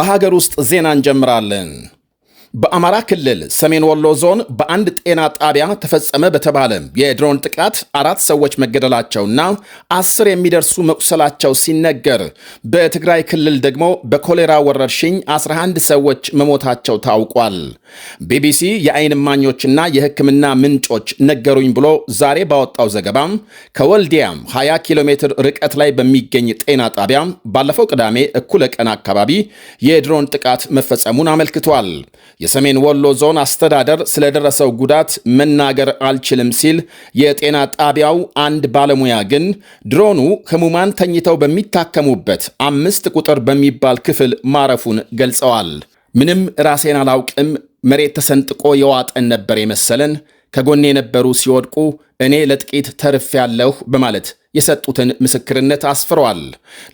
በሀገር ውስጥ ዜና እንጀምራለን። በአማራ ክልል ሰሜን ወሎ ዞን በአንድ ጤና ጣቢያ ተፈጸመ በተባለ የድሮን ጥቃት አራት ሰዎች መገደላቸውና አስር የሚደርሱ መቁሰላቸው ሲነገር በትግራይ ክልል ደግሞ በኮሌራ ወረርሽኝ 11 ሰዎች መሞታቸው ታውቋል። ቢቢሲ የአይን እማኞችና የሕክምና ምንጮች ነገሩኝ ብሎ ዛሬ ባወጣው ዘገባም ከወልዲያም 20 ኪሎ ሜትር ርቀት ላይ በሚገኝ ጤና ጣቢያ ባለፈው ቅዳሜ እኩለ ቀን አካባቢ የድሮን ጥቃት መፈጸሙን አመልክቷል። የሰሜን ወሎ ዞን አስተዳደር ስለደረሰው ጉዳት መናገር አልችልም ሲል የጤና ጣቢያው አንድ ባለሙያ ግን ድሮኑ ህሙማን ተኝተው በሚታከሙበት አምስት ቁጥር በሚባል ክፍል ማረፉን ገልጸዋል። ምንም ራሴን አላውቅም፣ መሬት ተሰንጥቆ የዋጠን ነበር የመሰለን ከጎኔ የነበሩ ሲወድቁ እኔ ለጥቂት ተርፍ ያለሁ በማለት የሰጡትን ምስክርነት አስፍረዋል።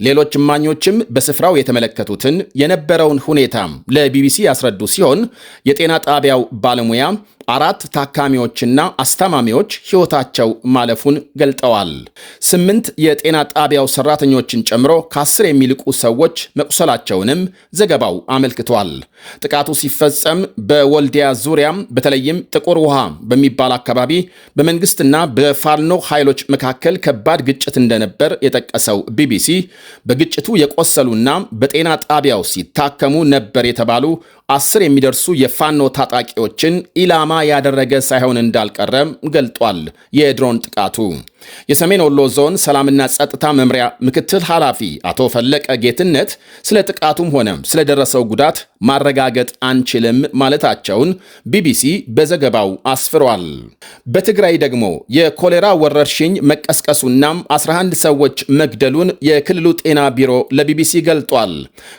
ሌሎች እማኞችም በስፍራው የተመለከቱትን የነበረውን ሁኔታ ለቢቢሲ ያስረዱ ሲሆን የጤና ጣቢያው ባለሙያ አራት ታካሚዎችና አስታማሚዎች ሕይወታቸው ማለፉን ገልጠዋል። ስምንት የጤና ጣቢያው ሰራተኞችን ጨምሮ ከአስር የሚልቁ ሰዎች መቁሰላቸውንም ዘገባው አመልክቷል። ጥቃቱ ሲፈጸም በወልዲያ ዙሪያ በተለይም ጥቁር ውሃ በሚባል አካባቢ በመንግስትና በፋኖ ኃይሎች መካከል ከባድ ግጭት እንደነበር የጠቀሰው ቢቢሲ በግጭቱ የቆሰሉና በጤና ጣቢያው ሲታከሙ ነበር የተባሉ አስር የሚደርሱ የፋኖ ታጣቂዎችን ኢላማ ያደረገ ሳይሆን እንዳልቀረም ገልጧል። የድሮን ጥቃቱ የሰሜን ወሎ ዞን ሰላምና ጸጥታ መምሪያ ምክትል ኃላፊ አቶ ፈለቀ ጌትነት ስለ ጥቃቱም ሆነ ስለደረሰው ጉዳት ማረጋገጥ አንችልም ማለታቸውን ቢቢሲ በዘገባው አስፍሯል። በትግራይ ደግሞ የኮሌራ ወረርሽኝ መቀስቀሱናም 11 ሰዎች መግደሉን የክልሉ ጤና ቢሮ ለቢቢሲ ገልጧል።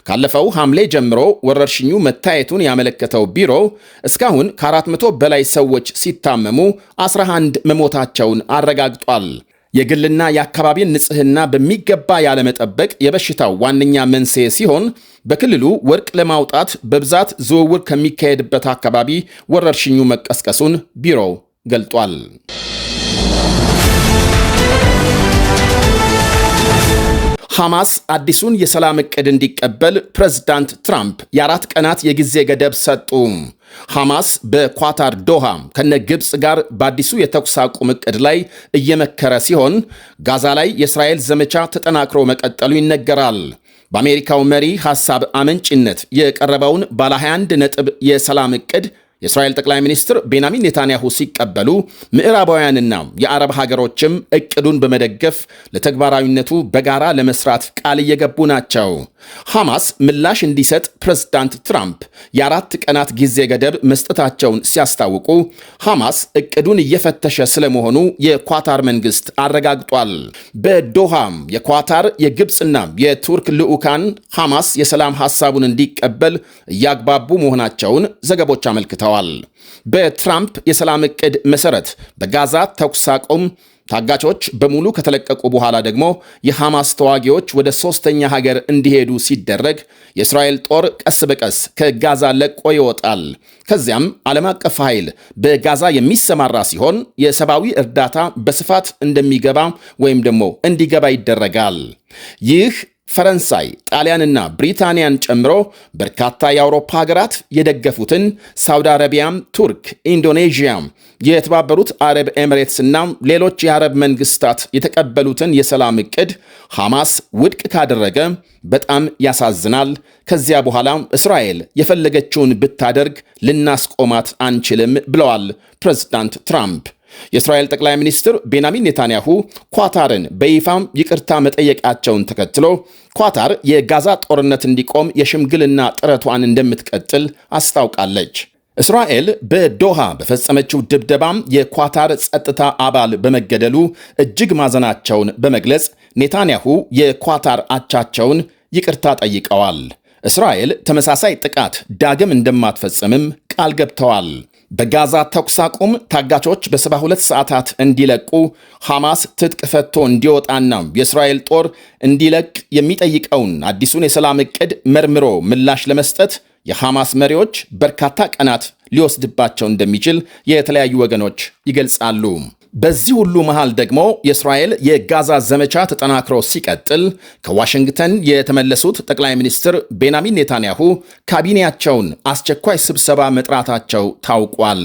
ካለፈው ሐምሌ ጀምሮ ወረርሽኙ መታ መለያየቱን ያመለከተው ቢሮው እስካሁን ከ400 በላይ ሰዎች ሲታመሙ 11 መሞታቸውን አረጋግጧል። የግልና የአካባቢን ንጽህና በሚገባ ያለመጠበቅ የበሽታው ዋነኛ መንስኤ ሲሆን በክልሉ ወርቅ ለማውጣት በብዛት ዝውውር ከሚካሄድበት አካባቢ ወረርሽኙ መቀስቀሱን ቢሮው ገልጧል። ሐማስ አዲሱን የሰላም ዕቅድ እንዲቀበል ፕሬዝዳንት ትራምፕ የአራት ቀናት የጊዜ ገደብ ሰጡ። ሐማስ በኳታር ዶሃ ከነ ግብፅ ጋር በአዲሱ የተኩስ አቁም ዕቅድ ላይ እየመከረ ሲሆን ጋዛ ላይ የእስራኤል ዘመቻ ተጠናክሮ መቀጠሉ ይነገራል። በአሜሪካው መሪ ሐሳብ አመንጭነት የቀረበውን ባለ 21 ነጥብ የሰላም ዕቅድ የእስራኤል ጠቅላይ ሚኒስትር ቤንያሚን ኔታንያሁ ሲቀበሉ ምዕራባውያንና የአረብ ሀገሮችም እቅዱን በመደገፍ ለተግባራዊነቱ በጋራ ለመስራት ቃል እየገቡ ናቸው። ሐማስ ምላሽ እንዲሰጥ ፕሬዝዳንት ትራምፕ የአራት ቀናት ጊዜ ገደብ መስጠታቸውን ሲያስታውቁ ሐማስ እቅዱን እየፈተሸ ስለመሆኑ የኳታር መንግስት አረጋግጧል። በዶሃም የኳታር የግብፅና የቱርክ ልዑካን ሐማስ የሰላም ሐሳቡን እንዲቀበል እያግባቡ መሆናቸውን ዘገቦች አመልክተዋል። ተገኝተዋል። በትራምፕ የሰላም እቅድ መሰረት በጋዛ ተኩስ አቁም ታጋቾች በሙሉ ከተለቀቁ በኋላ ደግሞ የሐማስ ተዋጊዎች ወደ ሦስተኛ ሀገር እንዲሄዱ ሲደረግ የእስራኤል ጦር ቀስ በቀስ ከጋዛ ለቆ ይወጣል። ከዚያም ዓለም አቀፍ ኃይል በጋዛ የሚሰማራ ሲሆን የሰብአዊ እርዳታ በስፋት እንደሚገባ ወይም ደግሞ እንዲገባ ይደረጋል። ይህ ፈረንሳይ፣ ጣሊያንና ብሪታንያን ጨምሮ በርካታ የአውሮፓ ሀገራት የደገፉትን ሳውዲ አረቢያም፣ ቱርክ፣ ኢንዶኔዥያም፣ የተባበሩት አረብ ና ሌሎች የአረብ መንግስታት የተቀበሉትን የሰላም እቅድ ሐማስ ውድቅ ካደረገ በጣም ያሳዝናል። ከዚያ በኋላ እስራኤል የፈለገችውን ብታደርግ ልናስቆማት አንችልም ብለዋል ፕሬዝዳንት ትራምፕ። የእስራኤል ጠቅላይ ሚኒስትር ቤንያሚን ኔታንያሁ ኳታርን በይፋም ይቅርታ መጠየቃቸውን ተከትሎ ኳታር የጋዛ ጦርነት እንዲቆም የሽምግልና ጥረቷን እንደምትቀጥል አስታውቃለች። እስራኤል በዶሃ በፈጸመችው ድብደባም የኳታር ጸጥታ አባል በመገደሉ እጅግ ማዘናቸውን በመግለጽ ኔታንያሁ የኳታር አቻቸውን ይቅርታ ጠይቀዋል። እስራኤል ተመሳሳይ ጥቃት ዳግም እንደማትፈጽምም ቃል ገብተዋል። በጋዛ ተኩስ አቁም ታጋቾች በ72 ሰዓታት እንዲለቁ ሐማስ ትጥቅ ፈቶ እንዲወጣና የእስራኤል ጦር እንዲለቅ የሚጠይቀውን አዲሱን የሰላም ዕቅድ መርምሮ ምላሽ ለመስጠት የሐማስ መሪዎች በርካታ ቀናት ሊወስድባቸው እንደሚችል የተለያዩ ወገኖች ይገልጻሉ። በዚህ ሁሉ መሃል ደግሞ የእስራኤል የጋዛ ዘመቻ ተጠናክሮ ሲቀጥል ከዋሽንግተን የተመለሱት ጠቅላይ ሚኒስትር ቤንያሚን ኔታንያሁ ካቢኔያቸውን አስቸኳይ ስብሰባ መጥራታቸው ታውቋል።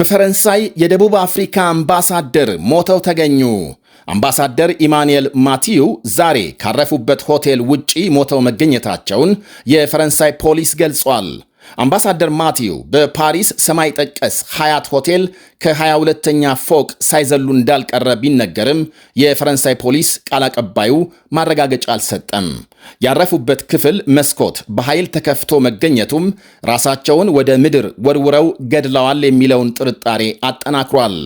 በፈረንሳይ የደቡብ አፍሪካ አምባሳደር ሞተው ተገኙ። አምባሳደር ኢማንኤል ማቲዩ ዛሬ ካረፉበት ሆቴል ውጪ ሞተው መገኘታቸውን የፈረንሳይ ፖሊስ ገልጿል። አምባሳደር ማቲዩ በፓሪስ ሰማይ ጠቀስ ሀያት ሆቴል ከ 22 ለተኛ ፎቅ ሳይዘሉ እንዳልቀረ ቢነገርም የፈረንሳይ ፖሊስ ቃል አቀባዩ ማረጋገጫ አልሰጠም። ያረፉበት ክፍል መስኮት በኃይል ተከፍቶ መገኘቱም ራሳቸውን ወደ ምድር ወርውረው ገድለዋል የሚለውን ጥርጣሬ አጠናክሯል።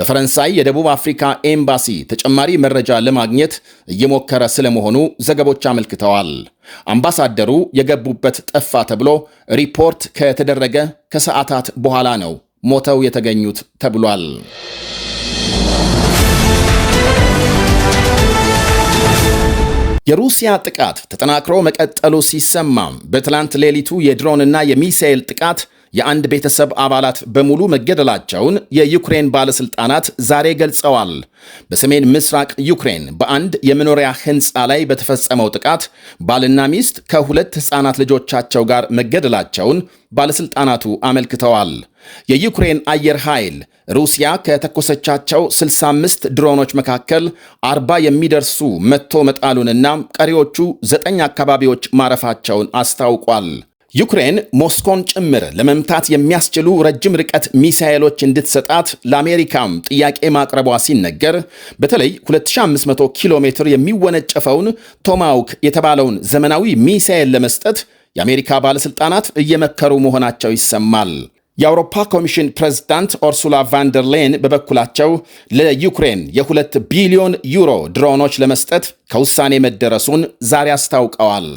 በፈረንሳይ የደቡብ አፍሪካ ኤምባሲ ተጨማሪ መረጃ ለማግኘት እየሞከረ ስለመሆኑ ዘገቦች አመልክተዋል። አምባሳደሩ የገቡበት ጠፋ ተብሎ ሪፖርት ከተደረገ ከሰዓታት በኋላ ነው ሞተው የተገኙት ተብሏል። የሩሲያ ጥቃት ተጠናክሮ መቀጠሉ ሲሰማም በትላንት ሌሊቱ የድሮንና የሚሳኤል ጥቃት የአንድ ቤተሰብ አባላት በሙሉ መገደላቸውን የዩክሬን ባለሥልጣናት ዛሬ ገልጸዋል። በሰሜን ምስራቅ ዩክሬን በአንድ የመኖሪያ ሕንፃ ላይ በተፈጸመው ጥቃት ባልና ሚስት ከሁለት ሕፃናት ልጆቻቸው ጋር መገደላቸውን ባለሥልጣናቱ አመልክተዋል። የዩክሬን አየር ኃይል ሩሲያ ከተኮሰቻቸው 65 ድሮኖች መካከል 40 የሚደርሱ መቶ መጣሉንና ቀሪዎቹ ዘጠኝ አካባቢዎች ማረፋቸውን አስታውቋል። ዩክሬን ሞስኮን ጭምር ለመምታት የሚያስችሉ ረጅም ርቀት ሚሳኤሎች እንድትሰጣት ለአሜሪካም ጥያቄ ማቅረቧ ሲነገር በተለይ 2500 ኪሎ ሜትር የሚወነጨፈውን ቶማውክ የተባለውን ዘመናዊ ሚሳኤል ለመስጠት የአሜሪካ ባለሥልጣናት እየመከሩ መሆናቸው ይሰማል። የአውሮፓ ኮሚሽን ፕሬዝዳንት ኦርሱላ ቫንደር ሌን በበኩላቸው ለዩክሬን የሁለት ቢሊዮን ዩሮ ድሮኖች ለመስጠት ከውሳኔ መደረሱን ዛሬ አስታውቀዋል።